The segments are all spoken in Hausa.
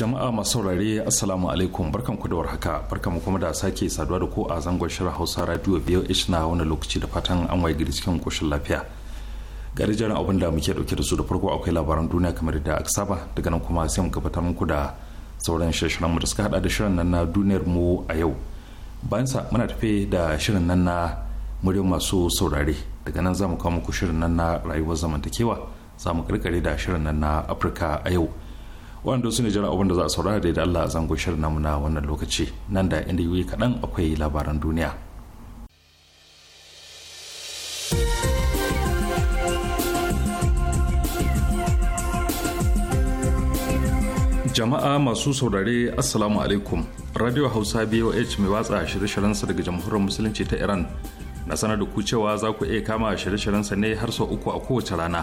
jama'a masu saurare assalamu alaikum barkan ku da warhaka barkan kuma da sake saduwa da ku a zangon shirin hausa radio voh na wani lokaci da fatan an waye gari cikin koshin lafiya gari jiran abin da muke dauke da su da farko akwai labaran duniya kamar da aka saba daga nan kuma sai mu gabatar muku da sauran shirin mu da suka hada da shirin nan na duniyar mu a yau bayan sa muna tafe da shirin nan na muryar masu saurare daga nan za mu kawo muku shirin nan na rayuwar zamantakewa za mu karkare da shirin nan na afirka a yau wanda su ne jira da za a saurara da Allah a zango shirin namu na wannan lokaci nan da inda yi kaɗan akwai labaran duniya. jama'a masu saurare assalamu alaikum radio hausa boh mai watsa shirye sa daga jamhuriyar musulunci ta iran na sanar da ku cewa za ku iya kama shirye sa ne har sau uku a kowace rana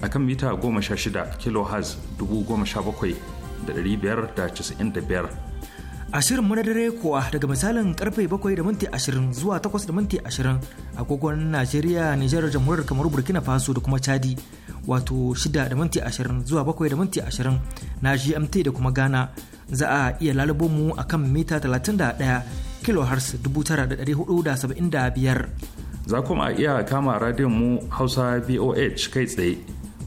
a kan mita 16 kHz 17,595. A shirin madadare kuwa daga misalin karfe 7 da minti 20 zuwa 8 da minti 20 agogon Najeriya, Nijar, Jamhuriyar kamar Burkina Faso da kuma Chadi wato 6 da minti 20 zuwa 7 da minti 20 na GMT da kuma Ghana za a iya lalubo mu a kan mita 31 kHz 9475. Za kuma iya kama radiyon mu Hausa boh kai tsaye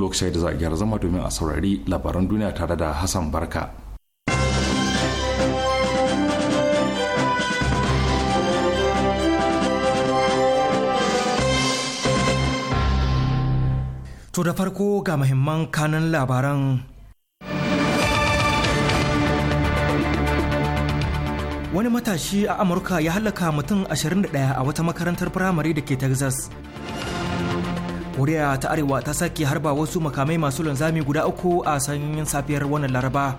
lokaci da za a gyara zama domin a saurari labaran duniya tare da Hassan Barka. To da farko ga muhimman kanan labaran wani matashi a amurka ya halaka mutum 21 a wata makarantar firamare da ke texas koriya ta arewa ta sake harba wasu makamai masu linzami guda uku a sanyin safiyar wannan laraba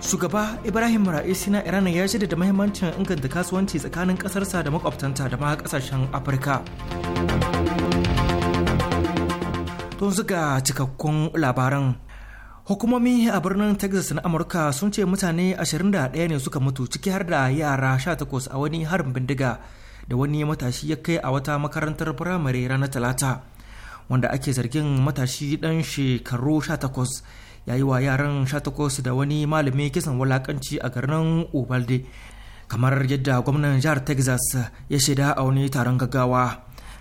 shugaba ibrahim ra'isi na iran ya shaida da mahimmancin inganta kasuwanci tsakanin kasarsa da makwabtanta da ma kasashen afirka don suka cikakkun labaran hukumomi a birnin texas na amurka sun ce mutane 21 ne suka mutu ciki har da yara 18 a wani harin bindiga da wani matashi ya kai a wata makarantar firamare ranar talata wanda ake zargin matashi dan shekaru 18 ya yi wa yaran 18 da wani malami kisan wulakanci a garin ubalde kamar yadda gwamnan jihar texas ya shaida a wani taron gaggawa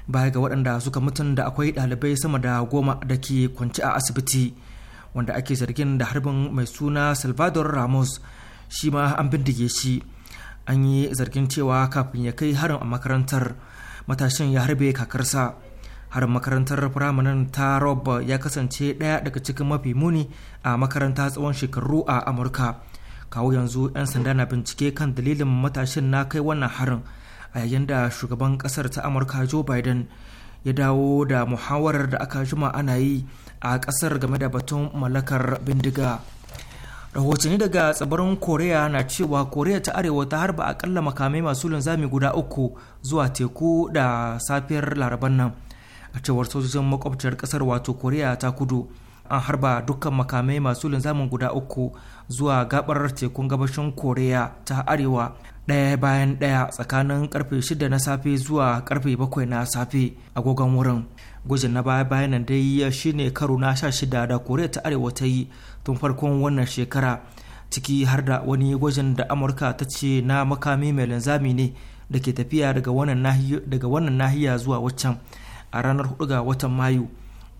baya ga waɗanda suka mutun da akwai ɗalibai sama da goma da ke kwanci a asibiti wanda ake zargin da harbin mai suna salvador ramos shi ma an bindige shi an yi zargin cewa kafin ya kai harin a makarantar matashin ya harbe kakarsa harin makarantar firamanin ta rob ya kasance ɗaya daga cikin mafi muni a makaranta tsawon shekaru a amurka kawo yanzu 'yan sanda na bincike kan dalilin matashin na kai wannan harin a yayin da shugaban kasar ta amurka joe biden ya dawo da muhawarar da aka jima ana yi a kasar game da batun mallakar bindiga rahotanni daga tsibirin koreya na cewa koreya ta arewa ta harba akalla makamai masu linzami guda uku zuwa teku da safiyar laraban nan a cewar sojojin makwabciyar kasar wato koreya ta kudu an harba dukkan makamai masu linzamin guda uku zuwa gabar tekun gabashin koreya ta arewa daya bayan daya tsakanin karfe 6 na safe zuwa karfe 7 na safe agogon wurin gwajin na baya bayan nan dai shine karo na sha shida da koriya ta arewa ta yi tun farkon wannan shekara ciki har da wani gwajin da amurka ta ce na makami mai linzami ne da ke tafiya daga wannan nahiya zuwa waccan a ranar 4 ga watan mayu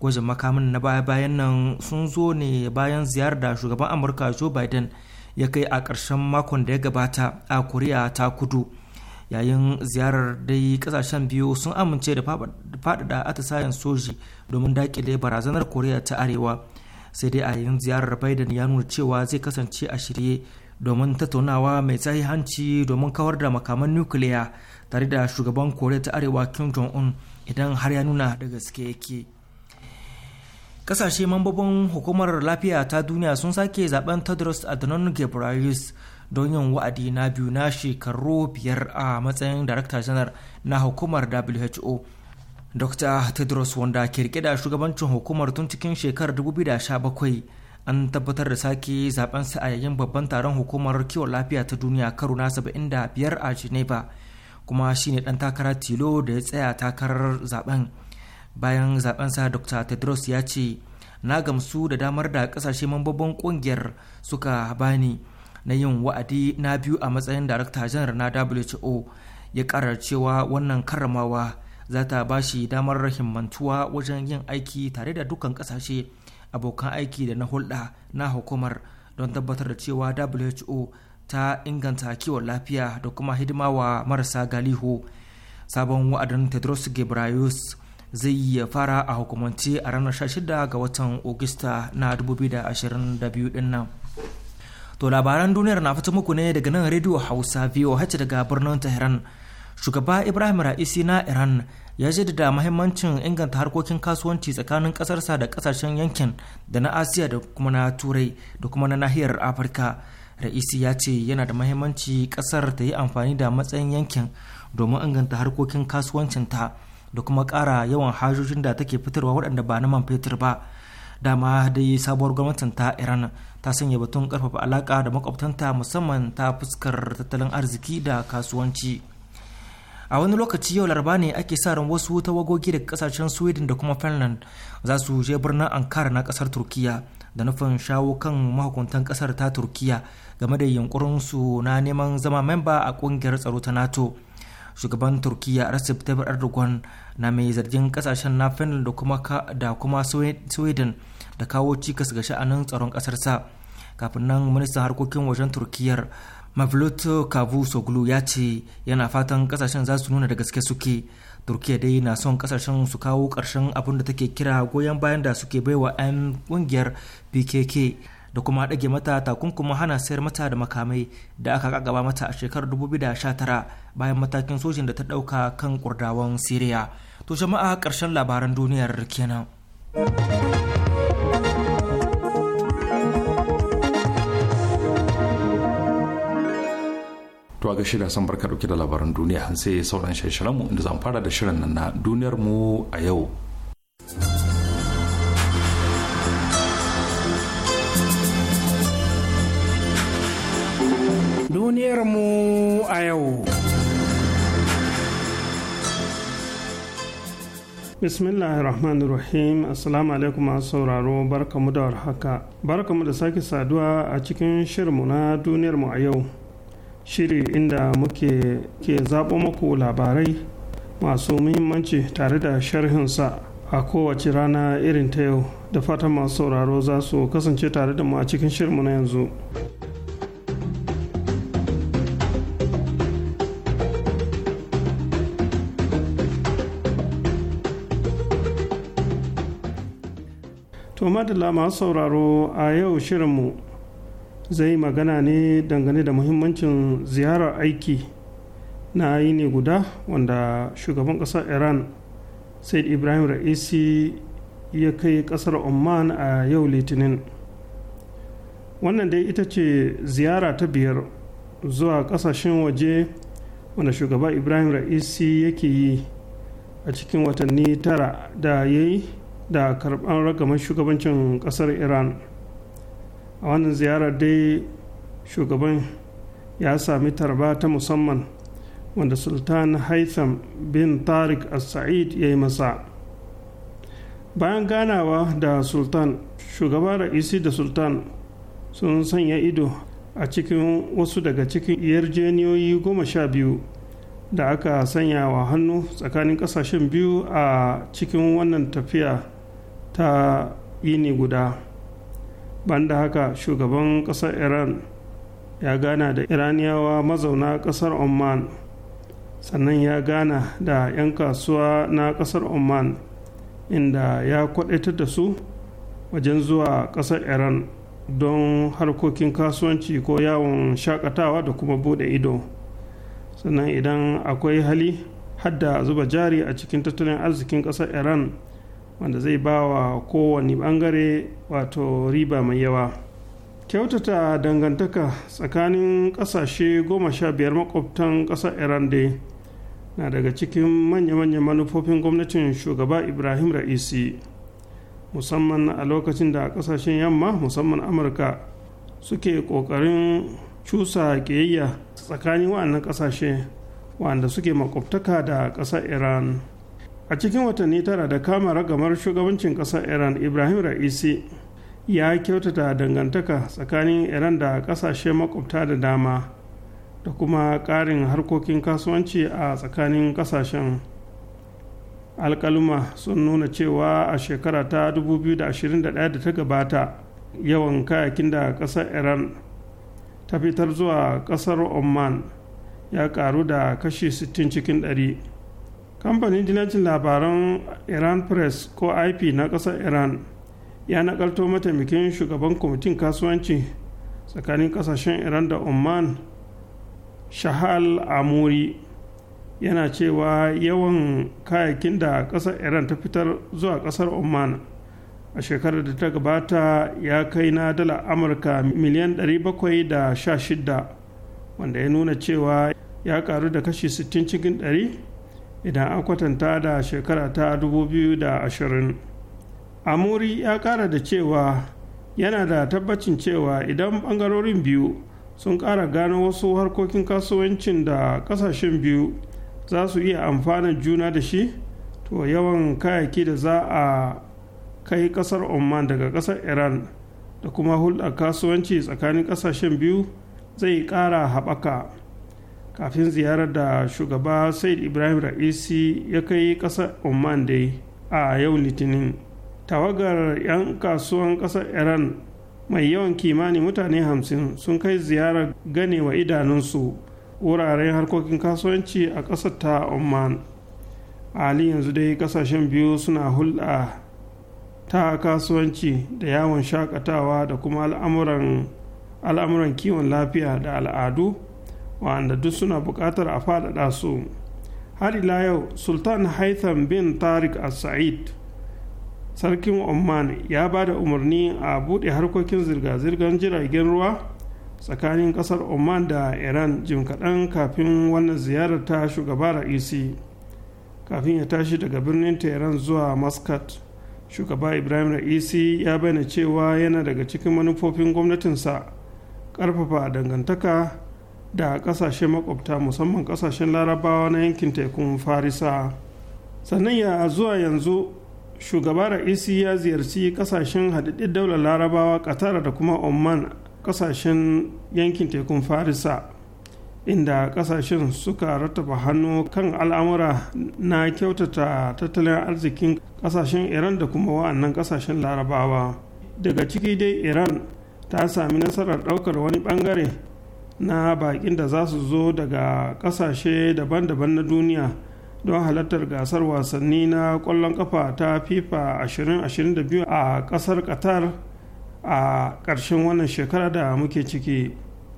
gwajin makamin na baya bayan nan sun zo ne bayan ziyarar da shugaban amurka joe biden ya kai a ƙarshen makon da ya gabata a koriya ta kudu yayin ziyarar dai kasashen biyu sun amince da faɗaɗa atisayen soji domin daƙile barazanar koriya ta arewa sai dai a yayin ziyarar biden ya nuna cewa zai kasance a shirye domin tattaunawa mai hanci domin kawar da makaman nukiliya tare da shugaban koriya ta arewa kim jong-un idan har ya nuna da gaske yake kasashe mambobin hukumar lafiya ta duniya sun sake zaben tedros adhanom ghebreyesus don yin wa'adi na biyu na shekaru biyar a matsayin darakta janar na hukumar who dr tedros wanda ke rike da shugabancin hukumar tun cikin shekarar 2017 an tabbatar da sake zaben a yayin babban taron hukumar kiwon lafiya ta duniya karo na 75 a geneva kuma shine dan takara tilo da ya tsaya takarar zaben bayan zaben sa dr tedros ya ce na gamsu da damar da kasashe mambobin kungiyar suka bani na yin wa'adi na biyu a matsayin darakta janar na who ya karar cewa wannan karramawa za ta ba shi damar himmantuwa wajen yin aiki tare da dukkan kasashe abokan aiki da na hulɗa na hukumar don tabbatar da cewa who ta inganta kiwon lafiya da kuma hidimawa marasa galihu sabon wa'adin tedros gebrayus zai iya fara a hukumance a ranar 16 ga watan Ogista na 2022 din nan. To labaran duniyar na fito muku ne daga nan rediyo Hausa VOH daga birnin Tehran. Shugaba Ibrahim Ra'isi na Iran ya jaddada mahimmancin inganta harkokin kasuwanci tsakanin kasarsa da kasashen yankin da na Asiya da kuma na Turai da kuma na nahiyar Afirka. Ra'isi ya ce yana da mahimmanci kasar ta yi amfani da matsayin yankin domin inganta harkokin kasuwancinta da kuma ƙara yawan hajojin da take fitarwa waɗanda ba na man fetur ba. dama dai sabuwar gwamnatin ta iran ta sanya batun karfafa alaka da makwabtanta musamman ta fuskar tattalin arziki da kasuwanci a wani lokaci yau laraba ne ake sa ran wasu tawagogi daga kasashen sweden da kuma finland za su je birnin ankara na kasar turkiya da nufin shawo kan mahukuntan kasar ta turkiya game da yunkurin su na neman zama memba a kungiyar tsaro ta nato shugaban turkiya recep tayyip erdogan na mai zargin kasashen na finland da kuma sweden da kawo cikas ga sha'anin tsaron kasarsa kafin nan ministan harkokin wajen turkiyyar mavlut cavusoglu ya ce yana fatan kasashen za su nuna da gaske suke turkiya dai na son kasashen su kawo karshen abin da take kira goyon bayan da suke baiwa 'yan kungiyar pkk da kuma ɗage mata takunkuma hana sayar mata da makamai da aka kakaba mata a shekarar 2019 bayan matakin sojin da ta ɗauka kan kurdawan siriya To jama'a ƙarshen labaran duniyar kenan. To ga shirya san barka dauke da labaran duniya sai sauran shirin mu inda zan fara da shirin nan na duniyar mu a yau. Duniyar mu a yau. bismillahir rahmanir rahim assalamu alaikum masu sauraro barkamu da warhaka barkamu da sake saduwa a cikin shirinmu na duniyar mu a yau shiri inda muke ke zaɓo muku labarai masu muhimmanci tare da sharhinsa a kowace rana irin ta yau da fatan masu sauraro za su kasance tare da mu a cikin shirinmu na yanzu. to madalla masu sauraro a yau shirinmu zai magana ne dangane da muhimmancin ziyarar aiki na yini guda wanda shugaban ƙasar iran said ibrahim ra'isi ya kai ƙasar oman a yau litinin wannan dai ita ce ziyara ta biyar zuwa ƙasashen waje wanda shugaba ibrahim ra'isi yake yi a cikin watanni tara da yayi. da karɓar ragamar shugabancin ƙasar iran a wannan ziyarar dai shugaban ya sami tarba ta musamman wanda sultan haitham bin tariq al-sa'id ya yi masa bayan ganawa da sultan shugaba ra'isi da sultan sun sanya ido a cikin wasu daga cikin yarjeniyoyi goma sha biyu da aka sanya wa hannu tsakanin kasashen biyu a cikin wannan tafiya ta yini guda banda haka shugaban ƙasar iran ya gana da iraniyawa mazauna ƙasar oman sannan ya gana da 'yan kasuwa na ƙasar oman inda ya kwadaitar da su wajen zuwa ƙasar iran don harkokin kasuwanci ko yawon shakatawa da kuma bude ido sannan idan akwai hali hadda zuba jari a cikin tattalin arzikin ƙasar iran wanda zai ba wa kowane bangare wato riba mai yawa kyautata dangantaka tsakanin kasashe goma sha biyar makwabtan ƙasar iran dai na daga cikin manya-manyan manufofin gwamnatin shugaba ibrahim ra'isi musamman a lokacin da kasashen yamma musamman amurka suke ƙoƙarin cusa ƙiyayya tsakanin waɗannan ƙasashe wanda suke makwabtaka da ƙasar iran a cikin watanni tara da kama ragamar shugabancin ƙasar iran ibrahim ra'isi ya kyautata dangantaka tsakanin iran da ƙasashe makwabta da dama da kuma ƙarin harkokin kasuwanci a tsakanin ƙasashen alkaluma sun nuna cewa a shekara ta 2021 da ta gabata yawan kayakin da ƙasar iran ta fitar zuwa ƙasar oman ya ƙaru da kashi 60 cikin ɗari. kamfanin jinajin labaran iran press ko ip na ƙasar iran ya nakalto mataimakin shugaban kwamitin kasuwanci tsakanin ƙasashen iran da oman shahal amuri yana cewa yawan kayakin da ƙasar iran ta fitar zuwa ƙasar oman a shekarar da ta gabata ya kai na dala amurka miliyan 716 wanda ya nuna cewa ya karu da kashi 60 cikin 100 idan an kwatanta da shekara ta 2020 amuri ya kara da cewa yana da tabbacin cewa idan bangarorin biyu sun kara gano wasu harkokin kasuwancin da kasashen biyu za su iya amfana juna da shi to yawan kayaki da za a kai kasar oman daga kasar iran da kuma hulɗar kasuwanci tsakanin kasashen biyu zai ƙara haɓaka. kafin ziyarar da shugaba said ibrahim ra'isi ya kai kasar oman dai a yau litinin tawagar 'yan kasuwan kasar iran mai yawan kimanin mutane hamsin sun kai ziyarar ganewa idanunsu wuraren harkokin kasuwanci a kasar ta oman hali yanzu dai kasashen biyu suna hulɗa ta kasuwanci da yawon shakatawa da kuma al'amuran kiwon lafiya da al'adu wa'anda duk suna bukatar a faɗaɗa su har ila yau sultan haitham bin tariq al-sa'id sarkin oman ya ba da umarni a buɗe harkokin zirga-zirgar jiragen ruwa tsakanin ƙasar oman da iran jim kaɗan kafin wannan ziyarar ta shugaba ra'isi kafin ya tashi daga birnin tehran zuwa muscat shugaba ibrahim ra'isi ya bayyana cewa yana daga cikin manufofin gwamnatinsa ƙarfafa dangantaka da kasashe makwabta musamman kasashen larabawa na yankin tekun farisa sannan ya zuwa yanzu shugaba da isi ya ziyarci kasashen hadaddin daular larabawa qatar da kuma oman kasashen yankin tekun farisa inda kasashen suka rattaba hannu kan al'amura na kyautata tattalin arzikin kasashen iran da kuma wa'annan kasashen larabawa daga ciki dai iran ta sami nasarar ɗaukar wani ɓangare na baƙin da za su zo daga ƙasashe daban-daban na duniya don halartar gasar wasanni na ƙwallon ƙafa ta fifa 2022 a ƙasar qatar a ƙarshen wannan shekara da muke ciki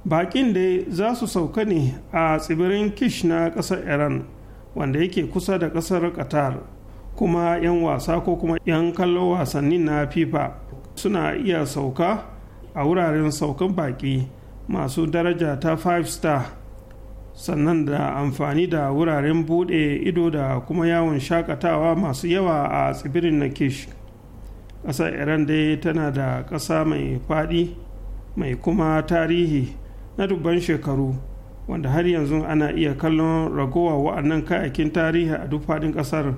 baƙin da za su sauka ne a tsibirin kish na ƙasar iran wanda yake kusa da ƙasar qatar kuma 'yan wasa ko kuma 'yan kallon wasannin na fifa suna iya sauka a wuraren saukan baƙi. masu daraja ta 5 star sannan da amfani da wuraren bude ido da kuma yawon shakatawa masu yawa a tsibirin na kish ƙasar iran dai tana da ƙasa mai faɗi mai kuma tarihi na dubban shekaru wanda har yanzu ana iya kallon ragowa wa'annan kayakin tarihi a duk faɗin ƙasar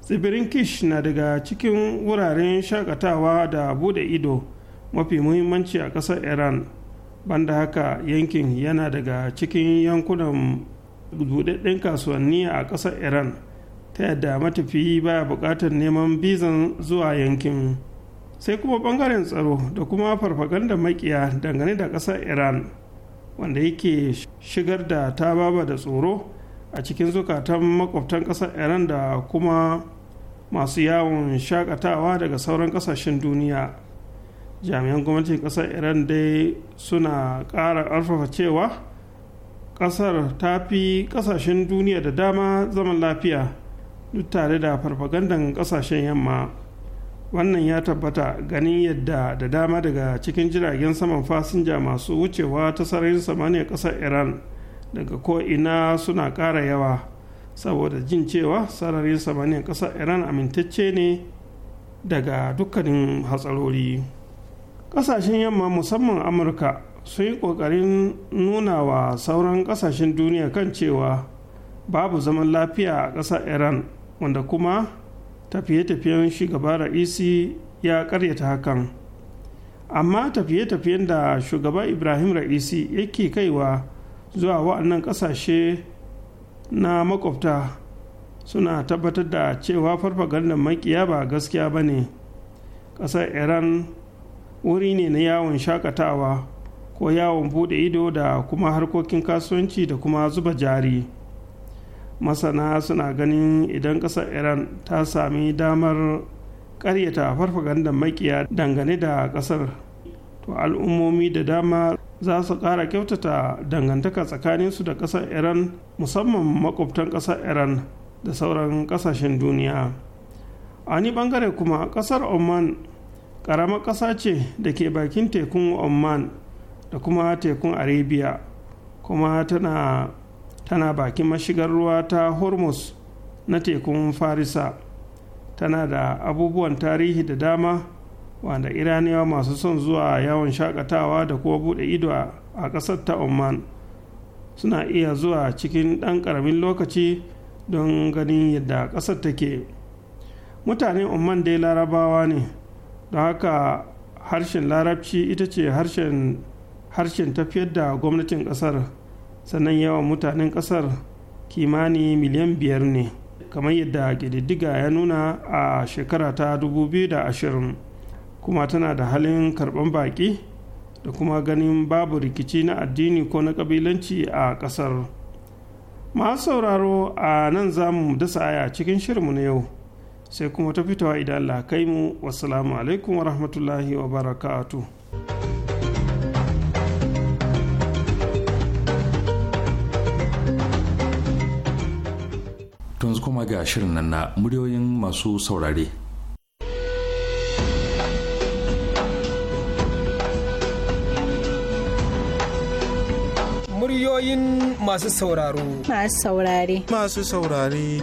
tsibirin kish na daga cikin wuraren shakatawa da bude ido mafi muhimmanci a ƙasar iran banda haka yankin yana daga cikin yankunan buɗaɗɗen kasuwanni a ƙasar iran ta yadda matafiyi baya buƙatar neman bizan zuwa yankin sai kuma ɓangaren tsaro da kuma farfaganda makiya dangane da ƙasar iran wanda yake shigar da ta baba da tsoro a cikin zukatan makwabtan ƙasar iran da kuma masu yawon shakatawa daga sauran ƙasashen duniya jami'an gwamnatin ƙasar iran dai suna ƙara ƙarfafa cewa ƙasar ta fi ƙasashen duniya da dama zaman lafiya duk tare da farfagandan ƙasashen yamma wannan ya tabbata ganin yadda da dama daga cikin jiragen saman fasinja masu wucewa ta sararin samaniya ƙasar iran daga ko'ina suna ƙara yawa saboda jin cewa sararin samaniya ƙasar iran amintacce ne daga dukkanin hatsarori. ƙasashen yamma musamman amurka sun yi ƙoƙarin nuna wa sauran ƙasashen duniya kan cewa babu zaman lafiya a ƙasar iran wanda kuma tafiye-tafiyen shugaba ra'isi ya karyata hakan amma tafiye-tafiyen da shugaba ibrahim ra'isi yake kaiwa zuwa wa'annan ƙasashe na makwabta suna tabbatar da cewa farfagandar makiya ba gaskiya ba ne ƙasar iran wuri ne na yawon shakatawa ko yawon bude ido da kuma harkokin kasuwanci da kuma zuba jari masana suna ganin idan ƙasar iran ta sami damar ƙaryata farfaganda makiya dangane da ƙasar to al'ummomi da dama za su ƙara kyautata dangantaka tsakaninsu da ƙasar iran musamman makwabtan ƙasar iran da sauran ƙasashen duniya a wani ɓangare kuma ƙasar oman ƙaramar ƙasa ce da ke bakin tekun oman da kuma tekun arabia kuma tana, tana bakin mashigar ruwa ta hormuz na tekun farisa tana da abubuwan tarihi da dama wanda iraniyawa masu son zuwa yawon shakatawa da kuma buɗe ido a ƙasar ta oman suna iya zuwa cikin ɗan ƙaramin lokaci don ganin yadda ƙasar take mutanen oman dai larabawa ne don haka harshen larabci ita ce harshen tafiyar da gwamnatin kasar sannan yawan mutanen kasar kimani miliyan biyar ne kamar yadda gididdiga ya nuna a shekara ta 2020 kuma tana da halin karɓar baƙi da kuma ganin babu rikici na addini ko na ƙabilanci a ƙasar masu sauraro a nan zamu dasa aya cikin shirinmu na yau sai kuma ta fitowa idan Allah kai mu wasalamu alaikum wa rahmatullahi wa tun yanzu kuma ga shirin nan na muryoyin masu saurare. Muryoyin masu sauraro. Masu saurare. Masu saurare.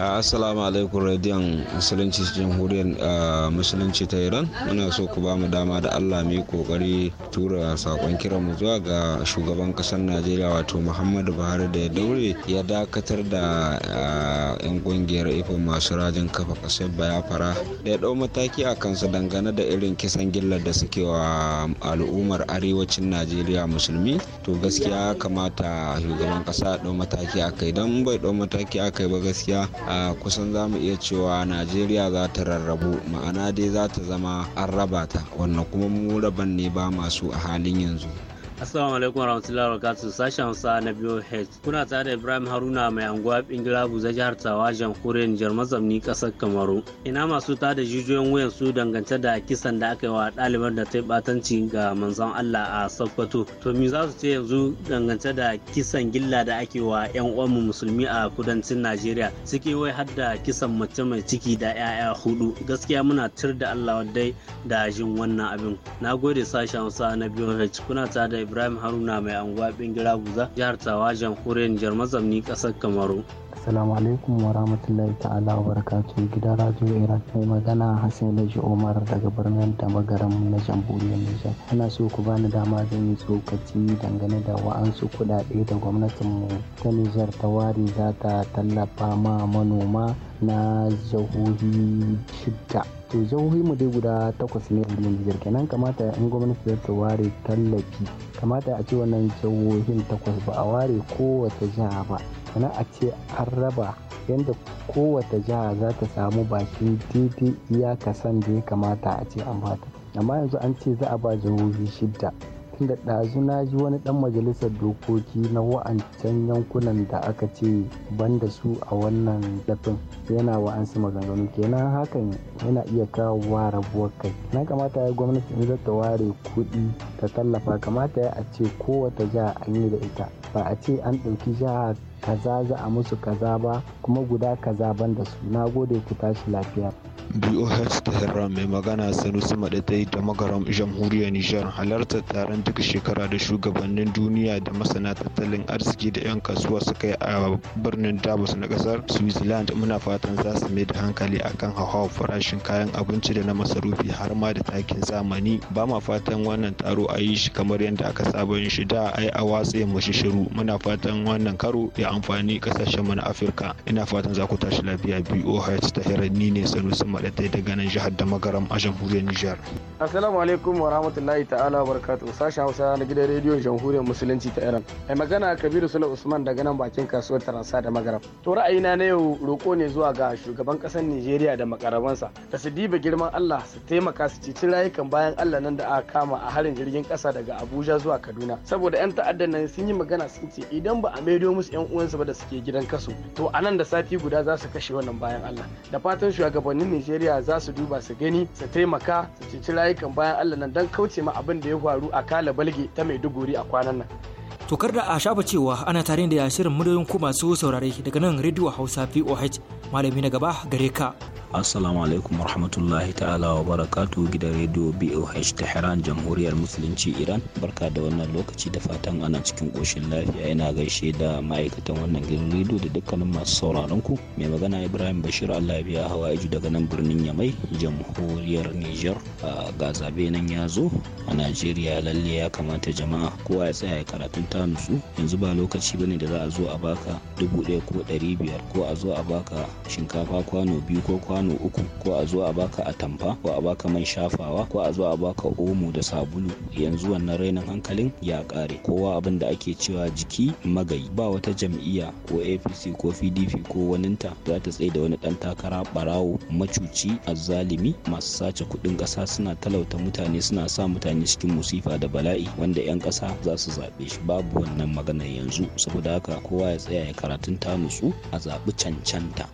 assalamu alaikum radiyon musulunci jamhuriyar musulunci ta iran muna so ku bamu dama da allah mai kokari tura sakon kiran mu zuwa ga shugaban kasar najeriya wato muhammadu buhari da ya daure ya dakatar da yan kungiyar ifin masu rajin kafa kasar bayafara da ya dau mataki a kansa dangane da irin kisan gillar da suke wa al'ummar arewacin najeriya musulmi to gaskiya kamata shugaban kasa ya dau mataki a kai don bai dau mataki a kai ba gaskiya a kusan za mu iya cewa najeriya za ta rarrabu ma'ana dai za ta zama an raba ta wannan kuma mu raban ne ba masu a halin yanzu Assalamu alaikum warahmatullahi wabarakatuh sashen sa na BOH. Kuna tare da Ibrahim Haruna mai anguwa Bingila Buza jihar Tawa jamhuriyar Nijar mazamni kasar Kamaru. Ina masu ta da jijiyoyin wuyan su dangance da kisan da aka yi wa ɗalibar da ta yi batanci ga manzon Allah a Sokoto. To me za su ce yanzu dangance da kisan gilla da ake wa 'yan uwanmu musulmi a kudancin Najeriya Suke wai har da kisan mace mai ciki da 'ya'ya hudu. Gaskiya muna tir da Allah wadai da jin wannan abin. Na gode sashen sa na BOH. Kuna tare da ibrahim haruna mai anguwa bingira buza jihar tawa jamhuriyar nijar mazamni kasar kamaru Assalamu alaikum wa rahmatullahi ta'ala wa barakatu gida radio Iraq mai magana Hassan Laji Omar daga birnin Damagaram na Jamhuriyar Nijar. Ana so ku bani dama zan yi tsokaci dangane da wa'ansu kuɗaɗe da gwamnatinmu ta Nijar ta wari za ta tallafa ma manoma na jihohi shidda to jihohin mu dai guda takwas ne a Nijar kenan kamata in gwamnati za ta ware tallafi kamata a ce wannan jihohin takwas ba a ware kowace jiha ba kana a ce an raba yadda kowace jiha za ta samu bakin daidai iya kasan da ya kamata a ce an bata amma yanzu an ce za a ba jihohi shidda da ɗazu na ji wani ɗan majalisar dokoki na wa'ancan yankunan da aka ce ban da su a wannan dafin yana wa'ansu maganganu kenan hakan yana iya kawo wa rabuwar kai na kamata ya gwamnati in zata ware kuɗi ta tallafa kamata ya a ce kowata jiha an yi da ita ba a ce an ɗauki jiha kaza za a musu kaza ba kuma guda kaza ban da su na gode ku tashi lafiya BOH Tehran mai magana Sanusi yi da magaran jamhuriyar Nijar halartar taron duk shekara da shugabannin duniya da masana tattalin arziki da 'yan kasuwa suka yi a birnin Davos na kasar Switzerland muna fatan za su mai da hankali akan hauhawar farashin kayan abinci da na masarufi har ma da takin zamani ba ma fatan wannan taro a yi shi kamar yadda aka saba yin shi da ai a watse mu shi shiru muna fatan wannan karo ya amfani kasashen mu na Afirka ina fatan za ku tashi lafiya BOH Tehran ni ne Sanusi maɗatai da ganin jihar da magaram a jamhuriyar Nijar. Assalamu alaikum wa rahmatullahi ta'ala wa barakatuh sashi Hausa na gidan rediyon jamhuriyar musulunci ta Iran. Mai magana Kabiru Sule Usman daga nan bakin kasuwar Taransa da Magaram. To ra'ayi na yau roko ne zuwa ga shugaban ƙasar Nijeriya da makarabansa da su diba girman Allah su taimaka su cici rayukan bayan Allah nan da aka kama a harin jirgin kasa daga Abuja zuwa Kaduna. Saboda 'yan ta'addan nan sun yi magana sun ce idan ba a maido musu 'yan uwansu ba da suke gidan kaso to a nan da sati guda za su kashe wannan bayan Allah. Da fatan shugabannin Najeriya za su duba su gani su taimaka su ceci layukan bayan Allah nan don kauce ma abin da ya faru a kala balge ta Maiduguri a kwanan nan. Tokar da a shafa cewa ana tare da ya shirin muryoyin ku masu saurare daga nan rediyo Hausa VOH malami na gaba gare ka. assalamu alaikum warahmatullahi ta'ala wa barakatu gidan rediyo boh tehran jamhuriyar musulunci iran barka da wannan lokaci da fatan ana cikin koshin lafiya ina gaishe da ma'aikatan wannan gidan rediyo da dukkanin masu sauraron ku mai magana ibrahim bashir allah ya biya hawa daga nan birnin yamai jamhuriyar niger ga zabe nan ya zo a najeriya lalle ya kamata jama'a kowa ya tsaya ya karatun ta nutsu yanzu ba lokaci bane da za a zo a baka dubu ɗaya ko ɗari biyar ko a zo a baka shinkafa kwano biyu ko kwano kwano uku ko a zo a baka atamfa ko a baka man shafawa ko a zo a baka omo da sabulu yanzu wannan rainin hankalin ya kare kowa abin da ake cewa jiki magayi ba wata jam'iyya ko apc ko pdp ko waninta za ta tsaye da wani dan takara barawo macuci azzalimi masu sace kudin kasa suna talauta mutane suna sa mutane cikin musifa da bala'i wanda 'yan kasa za su zaɓe shi babu wannan maganar yanzu saboda haka kowa ya tsaya ya karatun ta nutsu a zaɓi cancanta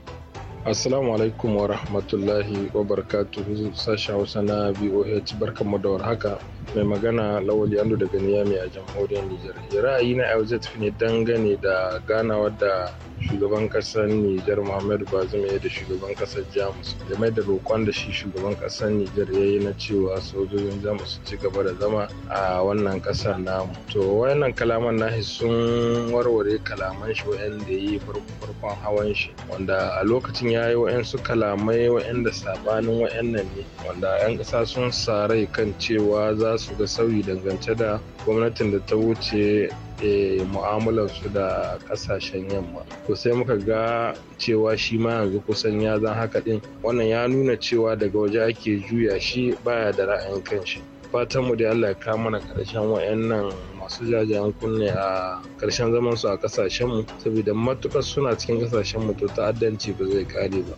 Assalamu alaikum wa rahmatullahi wa barakatuhu sashen Hausa na VOH barkanmu da warhaka mai magana lawali ando daga niyami a jamhuriyar nijar ra'ayi na lz ne dangane da ganawar da shugaban kasar nijar muhammadu bazum ya da shugaban kasar jamus game da roƙon da shi shugaban kasar nijar ya yi na cewa sojojin jamus su ci gaba da zama a wannan kasar namu to wayannan kalaman nashi sun warware kalaman shi wa'anda ya yi farkon hawan shi wanda a lokacin ya yi wa'ansu kalamai wa'anda sabanin wa'annan ne wanda 'yan ƙasa sun sa rai kan cewa za su ga sauyi dangance da gwamnatin da ta wuce e, mu'amalarsu da kasashen yamma to sai muka ga cewa shi ma yanzu kusan ya zan haka din wannan ya nuna cewa daga waje ake juya shi baya da ra'ayin kanshi fatan mu da Allah ya mana karshen wayannan masu jajayen kunne a karshen zaman su a kasashen mu saboda matukar suna cikin kasashen mu to ta'addanci ba zai kare ba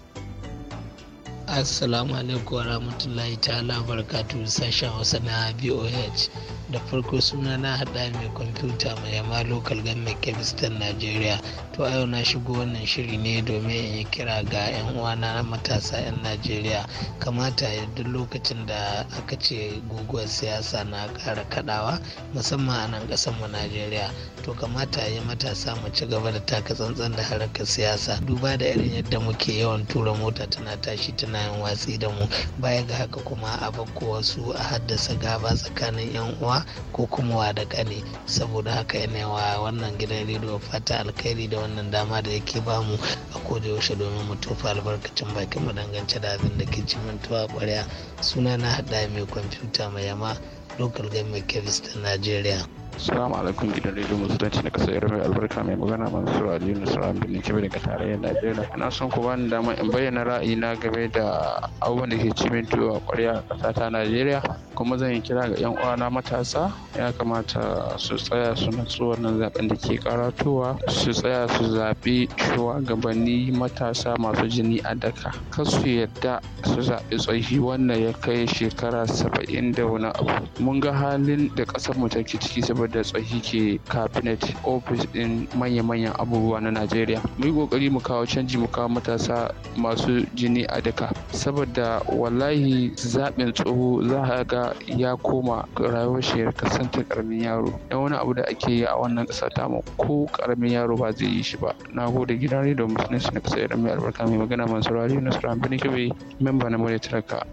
Assalamu alaikum wa rahmatullahi ta'ala barakatu sashen Hausa na BOH. Da farko suna na hada mai kwamfuta mai yamma lokal gannan Kebistan Najeriya. To a yau na shigo wannan shiri ne domin in yi kira ga 'yan uwana na matasa 'yan Najeriya. Kamata ya duk lokacin da aka ce guguwar siyasa na kara kaɗawa musamman a nan mu Najeriya. To kamata ya matasa mu ci gaba da taka tsantsan da harkar siyasa. Duba da irin yadda muke yawan tura mota tana tashi tana kayan watsi da mu baya ga haka kuma a bakko wasu a haddasa gaba tsakanin yan uwa ko kuma wa da kane saboda haka yana wa wannan gidan rediyo fata alkhairi da wannan dama da yake mu a koda yaushe domin mu tofa albarkacin bakin mu dangance da abin da ke tuwa kwarya suna na hada mai kwamfuta mai yama local government kebis ta najeriya Assalamu alaikum gidan rediyo musulunci na kasar Yarmai albarka mai magana Mansur Aliyu Nasara Birnin Kebbi daga tarayyar Najeriya. Ina son ku bani dama in bayyana ra'ayi na game da abubuwan da ke cimin tuwo a ƙwarya a ƙasa ta Najeriya. Kuma zan yi kira ga 'yan uwana matasa ya kamata su tsaya su natsu wannan zaben da ke karatowa su tsaya su zaɓi shugabanni matasa masu jini a daka. Kar su yadda su zaɓi tsohi wannan ya kai shekara saba'in da wani abu. Mun ga halin da ƙasarmu mu take ciki saboda da tsohi ke cabinet office din manya-manyan abubuwa na najeriya mu yi kokari mu kawo canji mu kawo matasa masu jini a daka saboda wallahi zaɓin tsoho za a ga ya koma rayuwar shi kasantar ƙaramin yaro yan wani abu da ake yi a wannan ƙasa mu ko ƙaramin yaro ba zai yi shi ba na gode gidan rediyo musulunci na ƙasar irin mai albarka mai magana mansur aliyu na sura kebe memba na murya talaka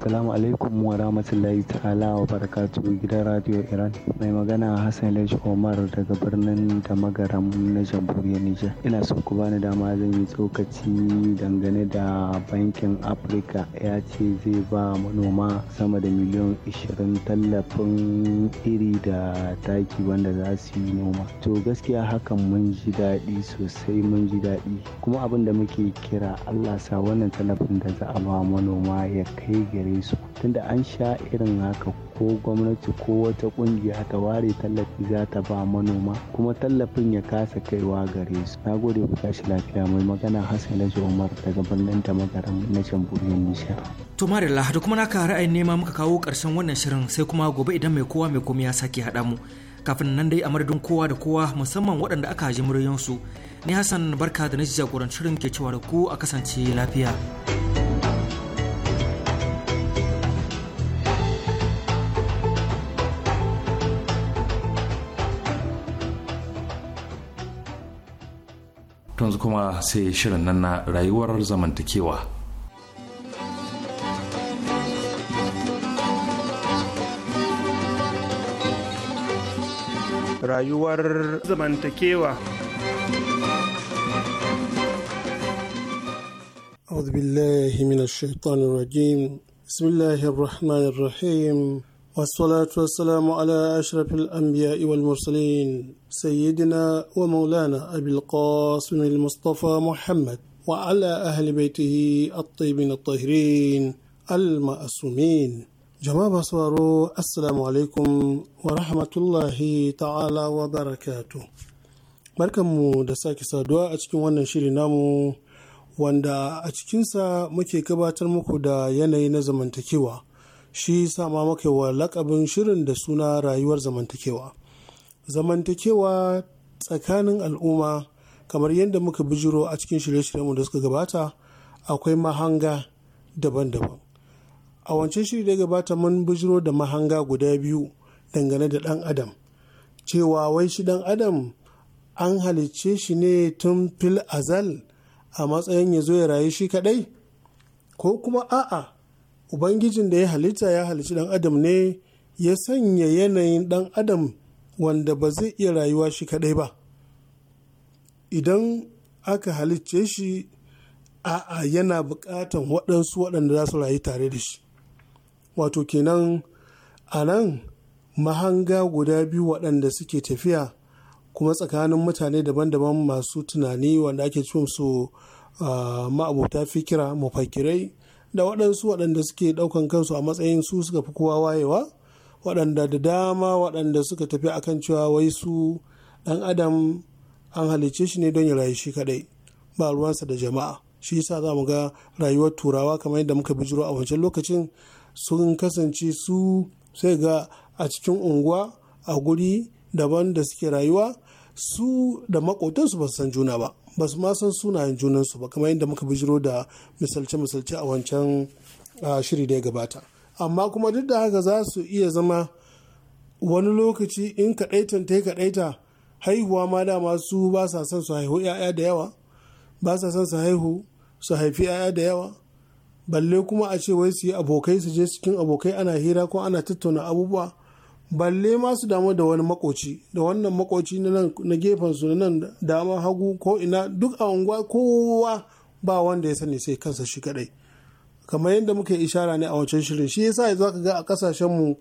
Assalamu alaikum wa rahmatullahi ta'ala wa barakatuhu gidan Radio Iran. Mai magana Hassan Laji Omar daga birnin da magaram na jamhuriyar Nijar. Ina so ku bani dama zan yi tsokaci dangane da bankin Afirka ya ce zai ba manoma sama da miliyan 20 tallafin iri da taki wanda za su yi noma. To gaskiya hakan mun ji daɗi sosai mun ji daɗi. Kuma abin da muke kira Allah sa wannan tallafin da za a ba manoma ya kai gari gare su tunda an sha irin haka ko gwamnati ko wata kungiya ta ware tallafi za ta ba manoma kuma tallafin ya kasa kaiwa gare su na gode ku tashi lafiya mai magana hassan laji umar daga birnin da magaran na jamhuriyar nishar to marilla da kuma naka ra'ayin nema muka kawo karshen wannan shirin sai kuma gobe idan mai kowa mai komai ya sake haɗa mu kafin nan dai a madadin kowa da kowa musamman waɗanda aka ji muryansu ni hassan barka da na jagorancin shirin ke cewa da ku a kasance lafiya. yanzu kuma sai shirin nan na rayuwar zamantakewa rayuwar zamantakewa أعوذ بالله من الشيطان الرجيم بسم الله الرحمن الرحيم والصلاة والسلام على أشرف الأنبياء والمرسلين سيدنا ومولانا أبي القاسم المصطفى محمد وعلى أهل بيته الطيبين الطاهرين المأسومين جماعة صورو السلام عليكم ورحمة الله تعالى وبركاته barkanmu دساك sake أتكم a نامو wannan أتكم سا مكي a مكودا muke gabatar تكيوه shi sama maka wa lakabin shirin da suna rayuwar zamantakewa zamantakewa tsakanin al'umma kamar yadda muka bijiro a cikin shirye-shiryenmu da suka gabata akwai mahanga daban-daban a wancan shiri da gabata mun bijiro da mahanga guda biyu dangane da ɗan adam cewa wai shi dan adam an halicce shi ne tun fil azal a matsayin ya zo ya rayu shi kaɗai ko kuma a'a ubangijin da ya halitta ya halici dan adam ne ya sanya yanayin ɗan adam wanda ba zai iya rayuwa shi kadai ba idan aka halicce shi a'a yana buƙatan waɗansu waɗanda za su rayu tare da shi wato kenan a nan mahanga guda biyu waɗanda suke tafiya kuma tsakanin mutane daban-daban masu tunani wanda ake ce su ah, ma'abuta fikira mafakirai da waɗansu waɗanda suke ɗaukan kansu a matsayin su suka fi kowa wayewa waɗanda da dama waɗanda suka tafi akan cewa wai su ɗan adam an halicce shi ne don ya rayu shi kaɗai ba ruwansa da jama'a shi yasa za mu ga rayuwar turawa kamar yadda muka bijiro a wancan lokacin sun kasance su sai ga a cikin unguwa a guri daban da suke rayuwa su da makotansu ba su san juna ba ba su ma san sunayen junansu ba kamar yadda muka bijiro da misalce-misalce a wancan shiri da ya gabata amma kuma duk da haka za su iya zama wani lokaci in kaɗaitan ta kaɗaita haihuwa ma dama su ba sa son su haihu 'ya'ya da yawa ba sa son su haihu su haifi 'ya'ya da yawa balle kuma a ce wai su yi abokai su je cikin abokai ana hira ko ana tattauna abubuwa balle ma su damu da wani makoci da wannan makoci na gefen su nan dama hagu ko ina duk a unguwa kowa ba wanda ya sani sai kansa shi kadai kamar yadda muka ishara ne a wancan shirin shi yasa za ka ga a kasashen mu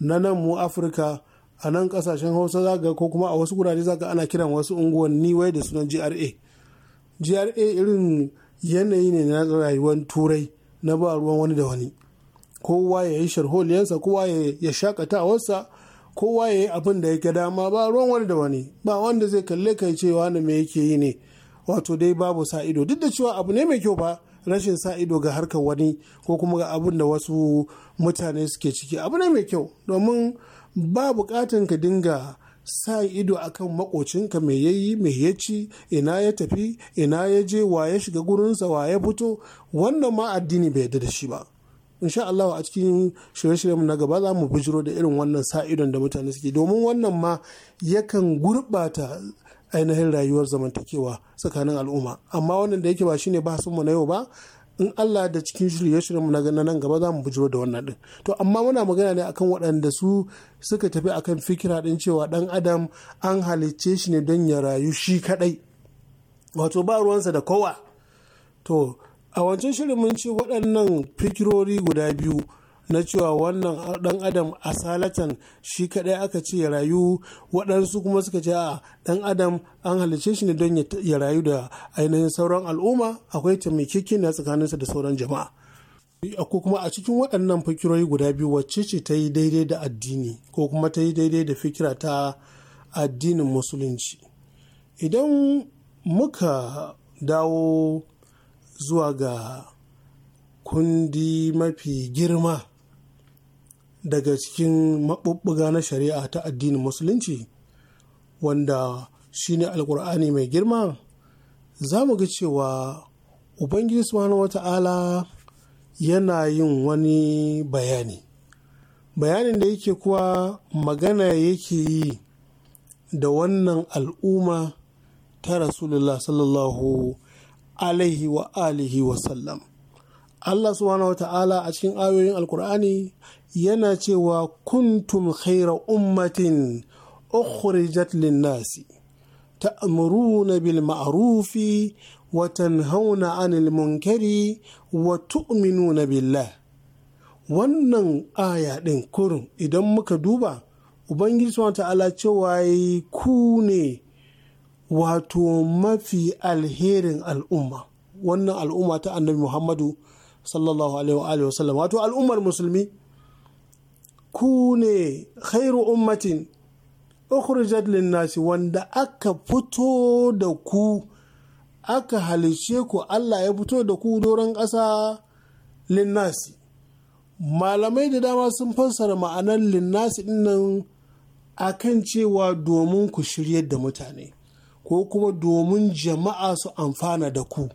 na nan mu afirka a nan kasashen hausa za ga ko kuma a wasu gurare za ga ana kiran wasu unguwanni wai da sunan gra gra irin yanayi ne na rayuwar turai na ba ruwan wani da wani kowa ya yi sharholiyarsa kowa ya shakatawarsa kowa ya yi abin da ya ga dama ba ruwan wani da wani ba wanda zai kalle kai cewa na me yake yi ne wato dai babu sa ido duk da cewa abu ne mai kyau ba rashin sa ido ga harkar wani ko kuma ga abin da wasu mutane suke ciki abu ne mai kyau domin ba bukatan ka dinga sa ido akan makocinka mai yayi mai ya ci ina ya tafi ina ya je wa ya shiga gurinsa wa ya fito wannan ma addini bai yarda da shi ba insha Allah a cikin shirye-shiryenmu na gaba za mu bijiro da irin wannan sa'idon da mutane suke domin wannan ma yakan gurɓata ainihin rayuwar zamantakewa tsakanin al'umma amma wannan da yake ba shine ba mu na yau ba in Allah da cikin shirye-shiryen mu na nan gaba za mu bijiro da wannan din to amma muna magana ne akan waɗanda su suka tafi akan fikira din cewa dan adam an halicce shi ne don ya rayu shi kadai wato ba ruwansa da kowa to a wancan shirin mun ce waɗannan fikirori guda biyu na cewa wannan ɗan adam asalatan shi kaɗai aka ce ya rayu waɗansu kuma suka ce a ɗan adam an halice shi ne don ya rayu da ainihin sauran al'umma akwai taimakekeniya tsakaninsa da sauran jama'a ko kuma a cikin waɗannan fikirori guda biyu wacce ce ta yi daidai da addini ko kuma ta yi daidai da fikira ta addinin musulunci idan muka dawo zuwa ga kundi mafi girma daga cikin maɓuɓɓuga na shari'a ta addinin musulunci wanda shi ne alkur'ani mai girma za mu ga cewa ubangiji subhanahu wata'ala yana yin wani bayani bayanin da yake kuwa magana yake yi da wannan al'umma ta rasulullah sallallahu alaihi wa alihi wa sallam Allah subhanahu wa ta'ala a cikin ayoyin alkur'ani yana cewa kuntum khaira ummatin ukhrijat linnasi ta'muruna bil ma'rufi wa tanhauna 'anil munkari wa tu'minuna billah wannan aya din kurun idan muka duba ubangiji subhanahu wa ta'ala cewa ku ne wato mafi alherin al'umma wannan al'umma ta annabi muhammadu sallallahu alaihi wa sallam wato al'ummar musulmi ku ne khairu ummatin ukhrijat linnasi wanda aka fito da ku aka halishe ku Allah ya fito da ku doron ƙasa linnasi malamai da dama sun fassara ma'anar linnasi dinnan akan cewa domin ku shiryar da mutane ko kuma domin jama'a su amfana da ku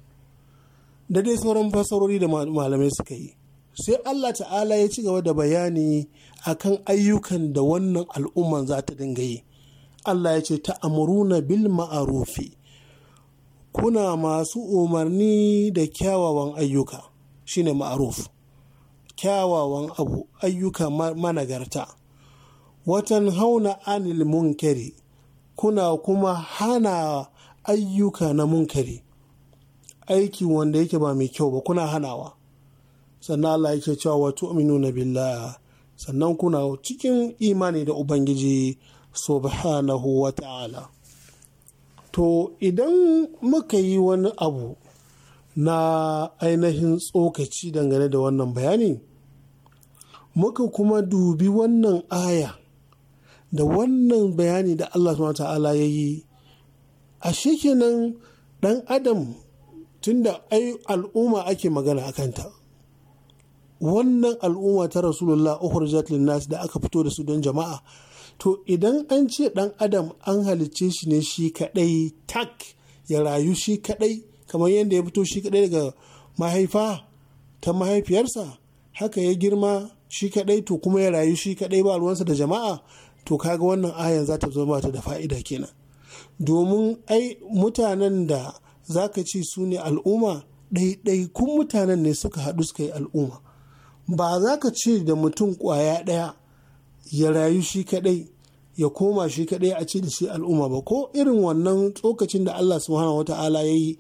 da dai sauran fasarori da malamai suka yi sai Allah ta'ala ya ci gaba da bayani akan ayyukan da wannan al'umman za ta dinga yi Allah ya ce ta'amuruna bil ma'arufi kuna masu umarni da kyawawan ayyuka shine ma'aruf kyawawan abu ayyuka managarta watan hauna anil munkari kuna kuma hana ayyuka na munkari aiki wanda yake ba mai kyau ba kuna hanawa sannan Allah yake cewa wa na billah sannan kuna cikin imani da ubangiji subhanahu wa ta'ala to idan muka yi wani abu na ainihin tsokaci dangane da wannan bayani muka kuma dubi wannan aya da wannan bayani da Allah ta'ala ya yi a shekinan dan adam tunda ai al'umma ake magana a kanta wannan al'umma ta rasulullah ukhrijat nas da aka fito da su don jama'a to idan an ce dan adam an halicce shi ne shi kadai tak ya rayu shi kadai kamar yadda ya fito shi kadai daga mahaifa ta mahaifiyarsa haka ya girma shi kadai to kuma ya rayu shi kadai ba ruwansa da jama'a to kaga wannan ayan za ta zama ta da fa'ida kenan domin ai mutanen da za ka ce su ne al'umma ɗaiɗaikun mutanen ne suka haɗu suka yi al'umma ba za ka ce da mutum ƙwaya ɗaya ya rayu shi kaɗai ya koma shi kaɗai a ce da shi al'umma ba ko irin wannan tsokacin da Allah subhanahu wata'ala ya yi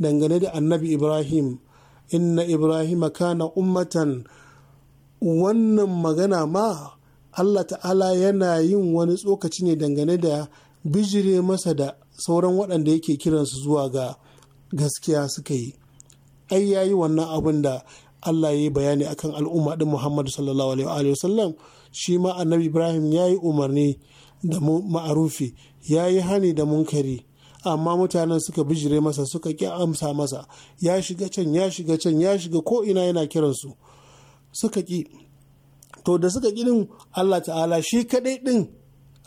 dangane da annabi Ibrahim inna Ibrahim kana ummatan wannan magana ma Allah ta'ala yana yin wani tsokaci ne dangane da bijire masa da sauran waɗanda yake kiransu zuwa ga gaskiya suka yi ai ya yi wannan abin da Allah ya yi bayani akan al'umma din Muhammadu sallallahu alaihi wasallam shi ma annabi Ibrahim ya yi umarni da ma'arufi ya yi hani da munkari amma mutanen suka bijire masa suka ƙi amsa masa ya shiga can ya shiga can ya shiga ko ina yana kiransu suka ƙi to da suka ƙi Allah ta'ala shi kaɗai ɗin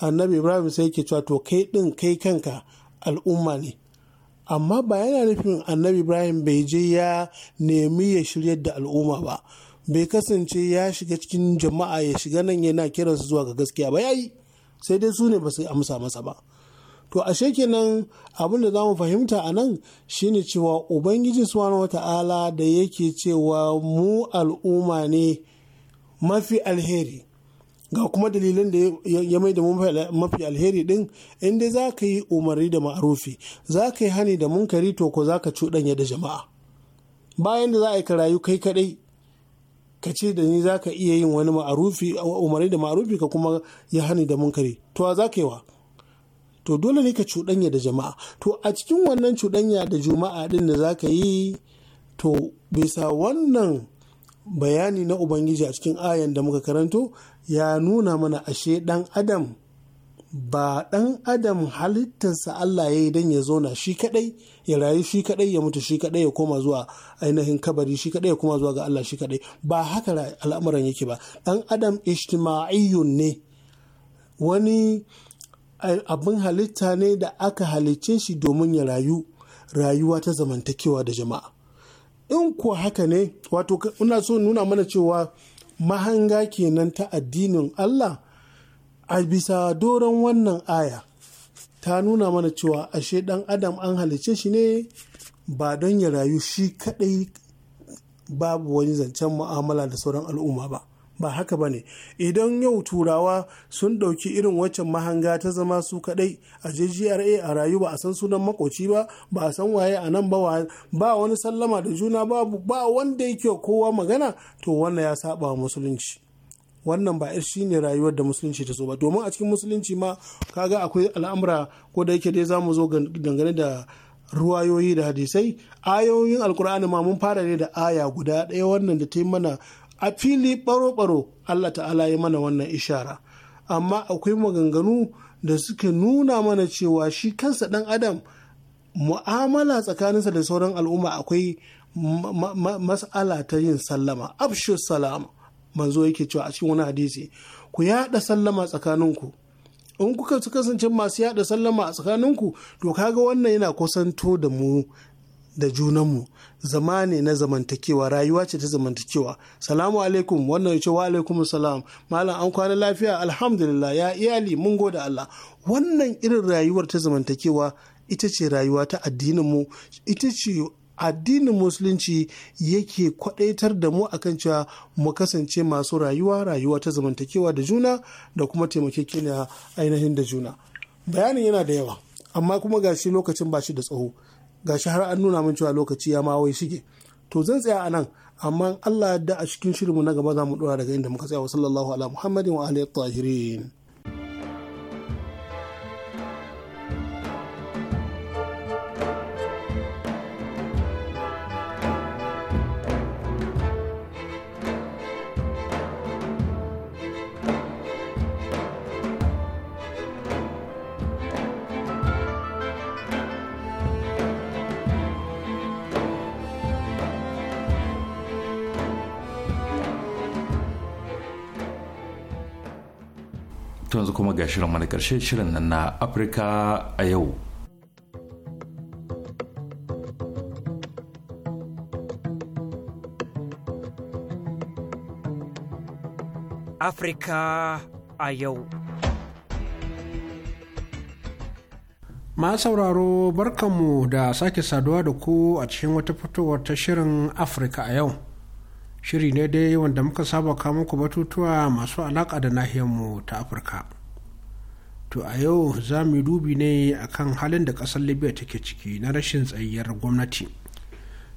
annabi Ibrahim sai yake cewa to kai ɗin kai kanka al'umma ne amma ba yana nufin annabi Ibrahim bai je ya nemi ya shirya da al'umma ba bai kasance ya shiga cikin jama'a ya shiga nan yana kiransu zuwa ga gaskiya ba yayi sai dai su ne ba su amsa masa ba to ashe kenan abin da za mu fahimta a nan shine cewa ubangiji subhanahu wata'ala da yake cewa mu al'umma ne mafi alheri ga kuma dalilan da ya mai da mafi alheri din inda za ka yi umarni da ma'arufi za ka yi hani da munkari to ko za ka cuɗanya da jama'a bayan da za a yi ka rayu kai kaɗai ka ce da ni za ka iya yin wani ma'arufi umarni da ma'arufi ka kuma ya hani da munkari to za ka yi wa to dole ne ka cuɗanya da jama'a to a cikin wannan cuɗanya da juma'a din da za ka yi to bisa wannan bayani na ubangiji a cikin ayan da muka karanto ya nuna mana ashe dan adam ba dan adam halittarsa Allah ya yi don ya zauna shi kadai ya rayu shi kadai ya mutu shi kadai ya koma zuwa ainihin kabari shi kadai ya koma zuwa ga Allah shi kadai ba haka al'amuran yake ba dan adam ijtima'iyyun ne wani abin halitta ne da aka halicce shi domin ya rayu rayuwa ta zamantakewa da jama'a in ku haka ne wato ina so nuna mana cewa mahanga kenan ta addinin Allah a bisa doron wannan aya ta nuna mana cewa ashe dan adam an halice shi ne ba don ya rayu shi kadai babu wani zancen mu'amala da sauran al'umma ba ba haka ba ne idan yau turawa sun ɗauki irin waccan mahanga ta zama su kaɗai a jgra a rayu ba a san sunan makoci ba ba a san waye a nan ba ba wani sallama da juna ba ba wanda yake kowa magana to wannan ya saba musulunci wannan ba shi ne rayuwar da musulunci ta so ba domin a cikin musulunci ma kaga akwai al'amura ko da yake dai za mu zo dangane da ruwayoyi da hadisai ayoyin alkur'ani ma mun fara ne da aya guda ɗaya wannan da ta yi mana a fili baro-baro Allah ta'ala ya mana wannan ishara amma akwai maganganu da suke nuna mana cewa shi kansa ɗan adam mu'amala tsakaninsa da sauran al'umma akwai mas'ala ta yin sallama abshu salam manzo yake cewa a cikin wani hadisi ku yaɗa sallama tsakaninku in kuka kasance masu yaɗa sallama a tsakaninku to kaga wannan yana kusanto da mu da junanmu zama ne na zamantakewa rayuwa ce ta zamantakewa salamu alaikum wannan ce wa alaikum salam malam an kwana lafiya alhamdulillah ya iyali mun gode Allah wannan irin rayuwar ta zamantakewa ita ce rayuwa ta addininmu ita ce addinin musulunci yake kwadaitar da mu akan cewa mu kasance masu rayuwa rayuwa ta zamantakewa da juna da kuma taimakekeniya ainihin da juna bayanin yana da yawa amma kuma gashi lokacin ba shi da tsawo ga shi har an nuna min cewa lokaci ya ma wai shige to zan tsaya a nan amma Allah da a cikin shirinmu na gaba za mu dora daga inda muka tsaya wa sallallahu ala muhammadin wa alihi tahirin ga shirin mana karshe shirin nan na Afirka a yau. Afirka a yau. Ma sauraro barkanmu da sake saduwa da ku a cikin wata fitowar ta shirin Afirka a yau. Shiri ne dai wanda muka saba kawo muku batutuwa masu alaƙa da nahiyarmu ta Afirka. to a yau za mu dubi ne akan halin da kasar libya take ciki na rashin tsayayyar gwamnati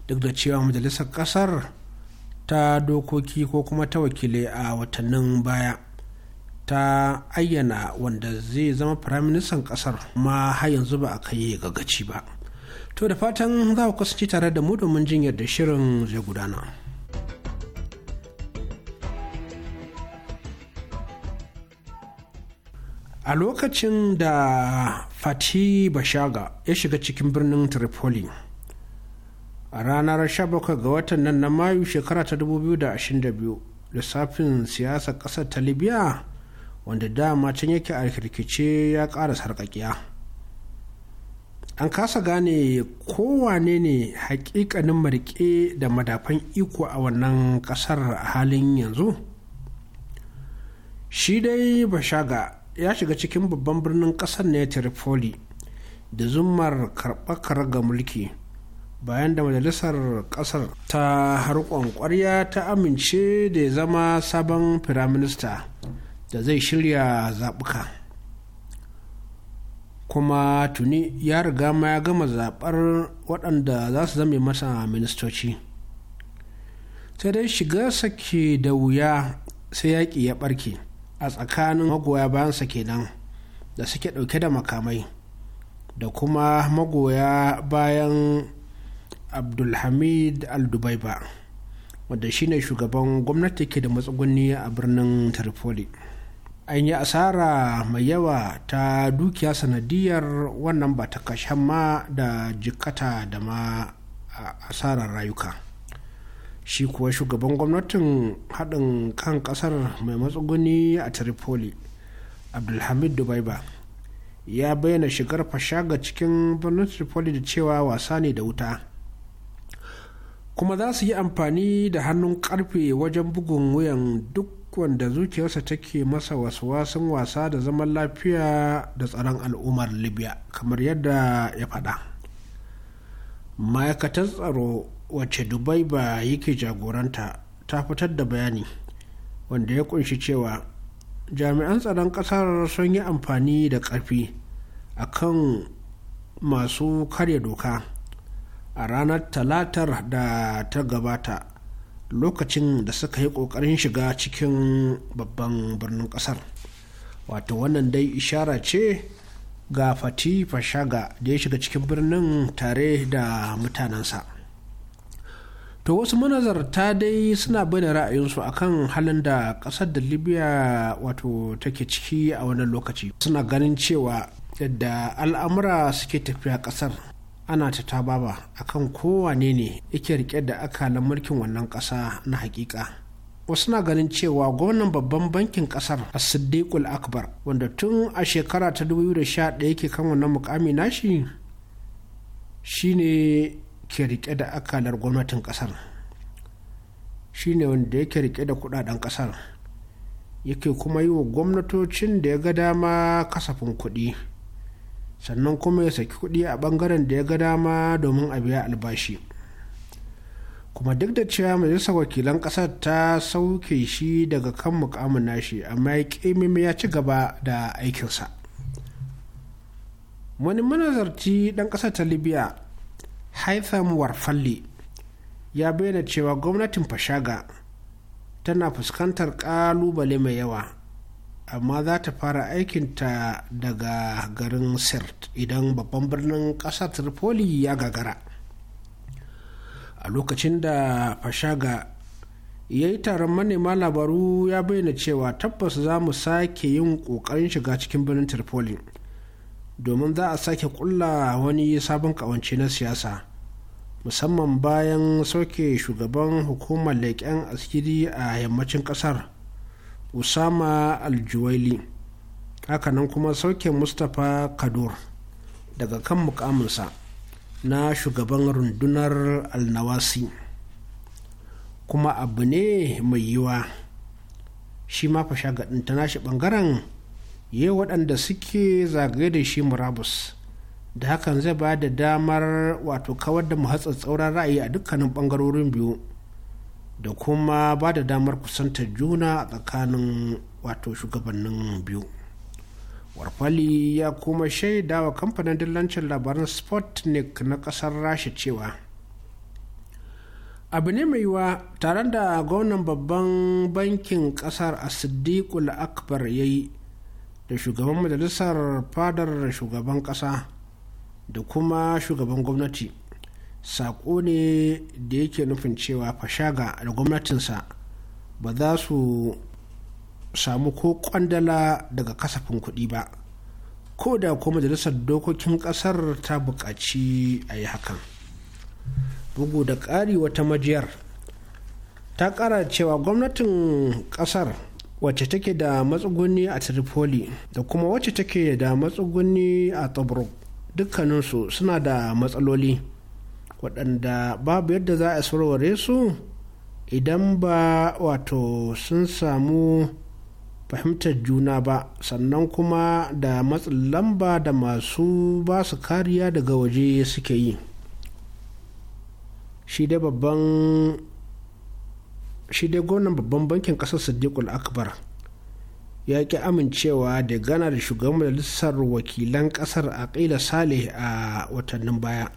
duk da cewa majalisar kasar ta dokoki ko kuma ta wakile a watannin baya ta ayyana wanda zai zama firaministan kasar ma har yanzu ba a kai gagaci ba to da fatan za ku kasance tare da mu domin jin yadda shirin zai gudana. a lokacin da fati bashaga ya shiga cikin birnin tripoli a ranar 17 ga watan nan na mayu shekara ta 2022 lissafin siyasar ƙasar ta libya wanda dama can yake a rikice ya ƙara sarƙaƙiya an kasa gane kowane ne hakikanin marike da madafan iko a wannan ƙasar halin yanzu shi dai bashaga ya shiga cikin babban birnin ƙasar ne tripoli da zumar karɓar ga mulki bayan da majalisar ƙasar ta harkon ƙwarya ta amince da ya zama sabon firaminista da zai shirya zaɓuka kuma tuni ya riga ma ya gama zaɓar waɗanda za su zame masa ministoci sai dai shiga sake da wuya sai yaƙi ya ɓarke a tsakanin magoya bayansa kenan da suke ɗauke da makamai da kuma magoya bayan abdulhamid al-dubaiba wadda shine shugaban gwamnati ke da matsuguni a birnin tripoli an yi asara mai yawa ta dukiya sanadiyar wannan ba ta kashen ma da jikata da ma asarar rayuka shi kuwa shugaban gwamnatin haɗin kan ƙasar mai matsuguni a tripoli abdulhamid dubaiba ya bayyana shigar fashaga cikin birnin tripoli da cewa wasa ne da wuta kuma za su yi amfani da hannun karfe wajen bugun wuyan duk wanda zuciyarsa take masa wasan wasa da zaman lafiya da tsaron al'ummar libya kamar yadda ya faɗa ma'aikatan tsaro wacce dubai ba yake jagoranta ta fitar da bayani wanda ya kunshi cewa jami'an tsaron kasar sun yi amfani da ƙarfi a kan masu karya doka a ranar talatar da ta gabata lokacin da suka yi ƙoƙarin shiga cikin babban birnin ƙasar wato wannan dai ishara ce ga fati fashaga da ya shiga cikin birnin tare da mutanensa to wasu manazarta dai suna bada ra'ayinsu akan halin da ƙasar da libya wato take ciki a wannan lokaci suna ganin cewa yadda al'amura suke tafiya ƙasar ana ta tababa kan kowane ne yake rike da akalan mulkin wannan ƙasa na hakika wasu na ganin cewa gwamnan babban bankin kasar a siddiqul akbar wanda tun a shekara ta 2011 yake kan wannan mukami nashi shine ke rike da akalar gwamnatin kasar ne wanda yake rike da kudaden kasar yake kuma yi wa gwamnatocin da ya ga dama kasafin kuɗi sannan kuma ya saki kuɗi a ɓangaren da ya ga dama domin a biya albashi kuma duk da cewa majalisar wakilan ƙasar ta sauke shi daga kan mukamin nashi amma ya ƙimimi ya ci gaba da aikinsa wani manazarci ɗan ƙasar ta libya haitham warfalle ya bayyana cewa gwamnatin fashaga tana fuskantar kalubale mai yawa amma za ta fara aikinta daga garin sirt idan babban birnin ƙasar tripoli ya gagara a lokacin da fashaga ya yi taron manema labaru ya bayyana cewa tabbas za mu sake yin ƙoƙarin shiga cikin birnin tripoli domin za a sake kulla wani sabon kawance na siyasa musamman bayan sauke shugaban hukumar leƙen askiri a yammacin ƙasar usama aljuwaili hakanan kuma sauke mustapha kadur daga kan mukaminsa na shugaban rundunar alnawasi kuma abu ne mai yiwa shi ma fashagadin ta nashi ɓangaren? yi waɗanda suke zagaye da shi murabus da hakan zai ba da damar wato kawar da tsauran ra'ayi a dukkanin ɓangarorin biyu da kuma ba da damar kusantar juna a tsakanin wato shugabannin biyu warfali ya kuma shaida wa kamfanin dillancin labaran sputnik na ƙasar rasha cewa abu ne mai yiwa tare da gwamnan babban bankin ƙasar a akbar ya yi da shugaban majalisar fadar shugaban ƙasa da kuma shugaban gwamnati saƙo ne da yake nufin cewa fashaga da gwamnatinsa ba za su samu ko kwandala daga kasafin kuɗi ba ko da ko majalisar dokokin ƙasar ta buƙaci a yi hakan bugu da ƙari wata majiyar ta ƙara cewa gwamnatin ƙasar wacce take da matsuguni a tripoli da kuma wacce take da matsuguni a tobruk dukkaninsu suna da matsaloli waɗanda babu yadda za a sarware su idan ba wato sun samu fahimtar juna ba sannan kuma da matsin lamba da masu ba su kariya daga waje suke yi shi dai babban shi dai gwamnan babban bankin ƙasar sadiqul akbar ya ki amincewa da gana da shugaban majalisar wakilan ƙasar kila saleh a watannin baya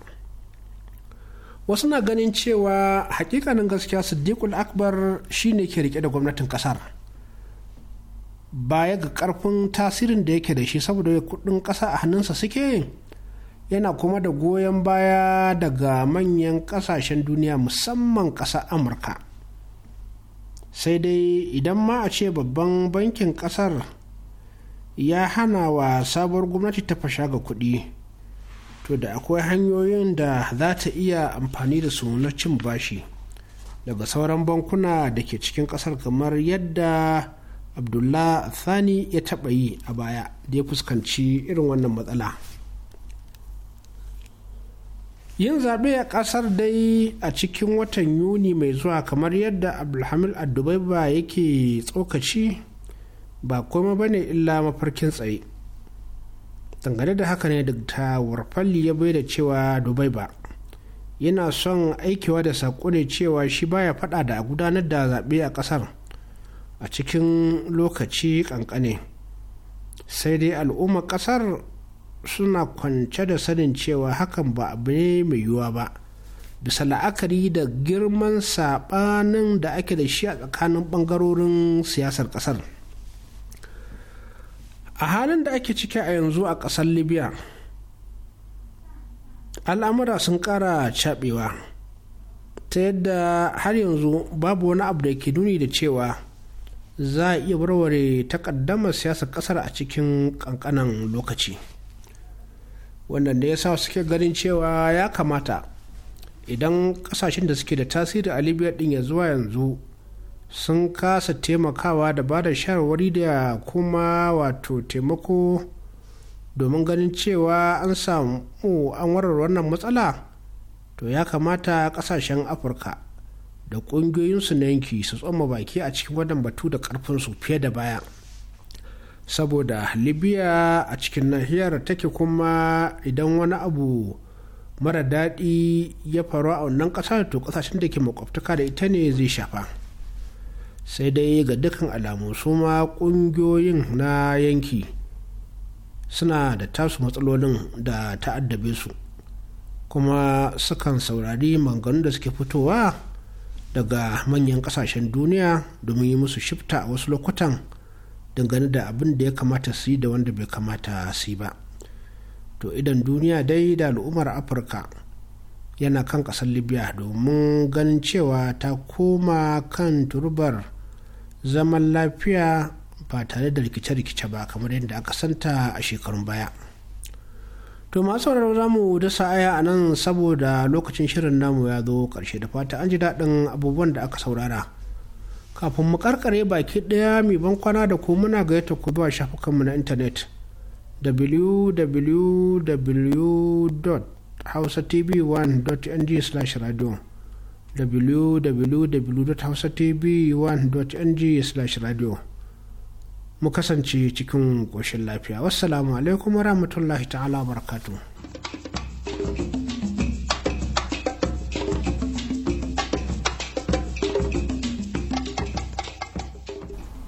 wasu na ganin cewa hakikanin gaskiya sadiqul akbar shine ke rike da gwamnatin ƙasar baya ga ƙarfin tasirin da yake da shi saboda kudin ƙasa a hannunsa suke yana kuma da goyon baya daga manyan ƙasashen duniya musamman ƙasar amurka sai dai idan ma a ce babban bankin kasar ya hana wa sabuwar gwamnati ta fasha ga kuɗi to da akwai hanyoyin da za ta iya amfani da su na cin bashi daga sauran bankuna da ke cikin kasar kamar yadda abdullah thani ya taɓa yi a baya da ya fuskanci irin wannan matsala. yin zaɓe a ƙasar dai a cikin watan yuni mai zuwa kamar yadda abdulhamid ba yake tsokaci ba koma ba ne illa mafarkin tsaye dangane da haka ne ta warfalli ya da cewa dubai ba yana son aikewa da saƙo ne cewa shi baya faɗa da a gudanar da zaɓe a ƙasar a cikin lokaci ƙanƙane sai dai al'ummar ƙasar suna kwance da sanin cewa hakan ba abu ne mai yiwuwa ba bisa la'akari da girman saɓanin da ake da shi a tsakanin ɓangarorin siyasar ƙasar a halin da ake ciki a yanzu a ƙasar libya al'amura sun ƙara caɓewa ta yadda har yanzu babu wani abu da ke nuni da cewa za a iya warware takaddamar siyasar ƙasar a cikin ƙanƙanan lokaci. wannan da ya sa suke ganin cewa ya kamata idan kasashen da suke da tasiri a libya din ya zuwa yanzu sun kasa taimakawa da ba da shawarwari da kuma wato taimako domin ganin cewa an samu an warware wannan matsala to ya kamata kasashen afirka da ƙungiyoyinsu na yanki su tsoma baki a cikin wannan batu da ƙarfinsu fiye da baya. saboda libya a cikin nahiyar take kuma idan wani abu mara daɗi ya faru a wannan ƙasa to ƙasashen da ke makwabtaka da ita ne zai shafa sai dai ga dukkan alamu su ma ƙungiyoyin na yanki suna da tasu matsalolin da ta'addabe su kuma sukan saurari manganu da suke fitowa daga manyan ƙasashen duniya domin yi musu shifta a wasu lokutan dangane da abin da ya kamata su yi da wanda bai kamata su yi ba to idan duniya dai da al'ummar afirka yana kan ƙasar libya domin ganin cewa ta koma kan turbar zaman lafiya ba tare da rikice-rikice ba kamar yadda aka santa a shekarun baya to masu sauraro za mu dasa aya a nan saboda lokacin shirin namu ya zo karshe da fata an ji daɗin abubuwan da aka saurara kafin mu karkare baki ɗaya mai ban da ko muna gayyata ku zuwa shafukanmu na intanet www.hausatv1.ng/radio www.hausatv1.ng/radio mu kasance cikin koshin lafiya wassalamu alaikum rahmatullahi ta'ala you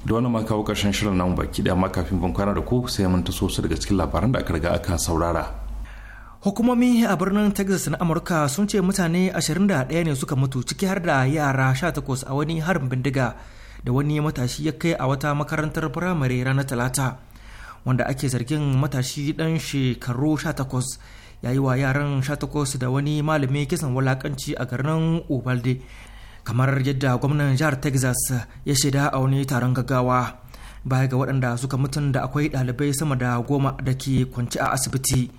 da wani ma kawo karshen shirin nan baki da makafin ban kwana da ku sai mun taso su daga cikin labaran da aka riga aka saurara. Hukumomi a birnin Texas na Amurka sun ce mutane 21 ne suka mutu ciki har da yara 18 a wani harin bindiga da wani matashi ya kai a wata makarantar firamare ranar Talata wanda ake zargin matashi dan shekaru 18 ya yi wa yaran 18 da wani malami kisan wulakanci a garin Ubalde kamar yadda gwamnan jihar texas ya shaida a wani taron gaggawa baya ga waɗanda suka mutun da akwai ɗalibai sama da goma da ke kwanci a asibiti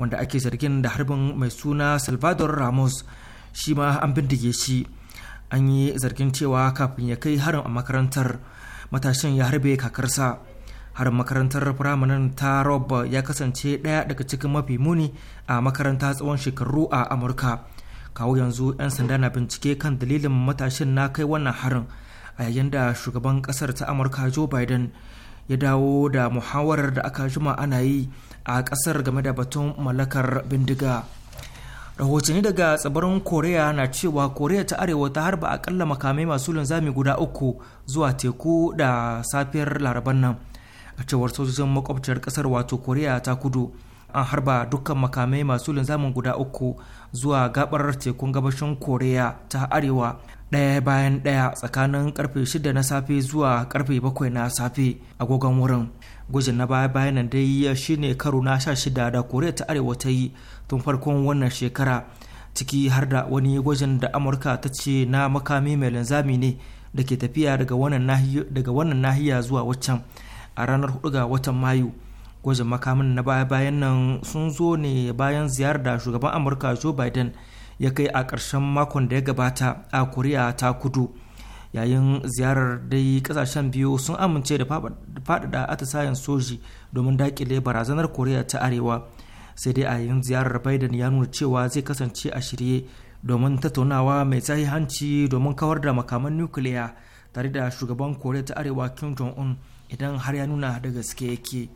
wanda ake zargin da harbin mai suna salvador ramos shi ma an bindige shi an yi zargin cewa kafin ya kai harin a makarantar matashin ya harbe kakarsa harin makarantar firamanin ta rob ya kasance ɗaya daga cikin mafi muni a makaranta tsawon shekaru a amurka kawo yanzu 'yan sanda na bincike kan dalilin matashin na kai wannan harin a yayin da shugaban kasar ta amurka joe biden ya dawo da muhawarar da aka jima ana yi a kasar game da batun mallakar bindiga rahotanni daga tsibirin korea na cewa korea ta arewa ta harba akalla makamai masu linzami guda uku zuwa teku da safiyar laraban nan a cewar sojojin makwabciyar kasar wato korea ta kudu an harba dukkan makamai masu linzamin guda uku zuwa gabar tekun gabashin koreya ta arewa ɗaya bayan ɗaya tsakanin karfe shida na safe zuwa karfe bakwai na safe agogon wurin gwajin na baya bayan nan dai shine karo na sha shida da koreya ta arewa ta yi tun farkon wannan shekara ciki har da wani gwajin da amurka ta ce na makami mai linzami ne da ke tafiya daga wannan nahiya zuwa waccan a ranar 4 ga watan mayu gwajin makamin na baya-bayan nan sun zo ne bayan ziyarar da shugaban amurka joe biden ya kai a ƙarshen makon da ya gabata a koriya ta kudu yayin ziyarar dai kasashen biyu sun amince da faɗaɗa atisayen soji domin daƙile barazanar koriya ta arewa sai dai a yin ziyarar biden ya nuna cewa zai kasance a shirye domin tattaunawa mai tsayi hanci domin kawar da makaman nukiliya tare da shugaban koriya ta arewa kim jong-un idan har ya nuna da gaske yake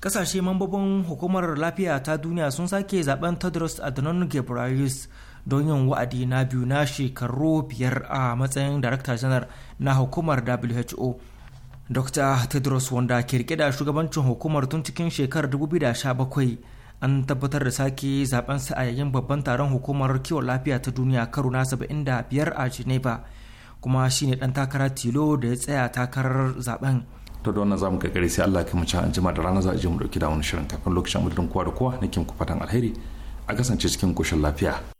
kasashe mambobin hukumar lafiya ta duniya sun sake zaben tedros adhanom ghebreyesus don yin wa'adi na biyu na shekaru biyar a matsayin director janar na hukumar who dr tedros wanda ke rike da shugabancin hukumar tun cikin shekarar 2017 an tabbatar da sake zabensa a yayin babban taron hukumar kiwon lafiya ta duniya karo na 75 a geneva kuma shine dan takara tilo da ya tsaya takarar zaben ta da wannan zamu kai gare sai Allah kai mu can jima da rana za a je mu dauki da wani shirin kafin lokacin mutum kowa da kowa nake muku fatan alheri a kasance cikin koshin lafiya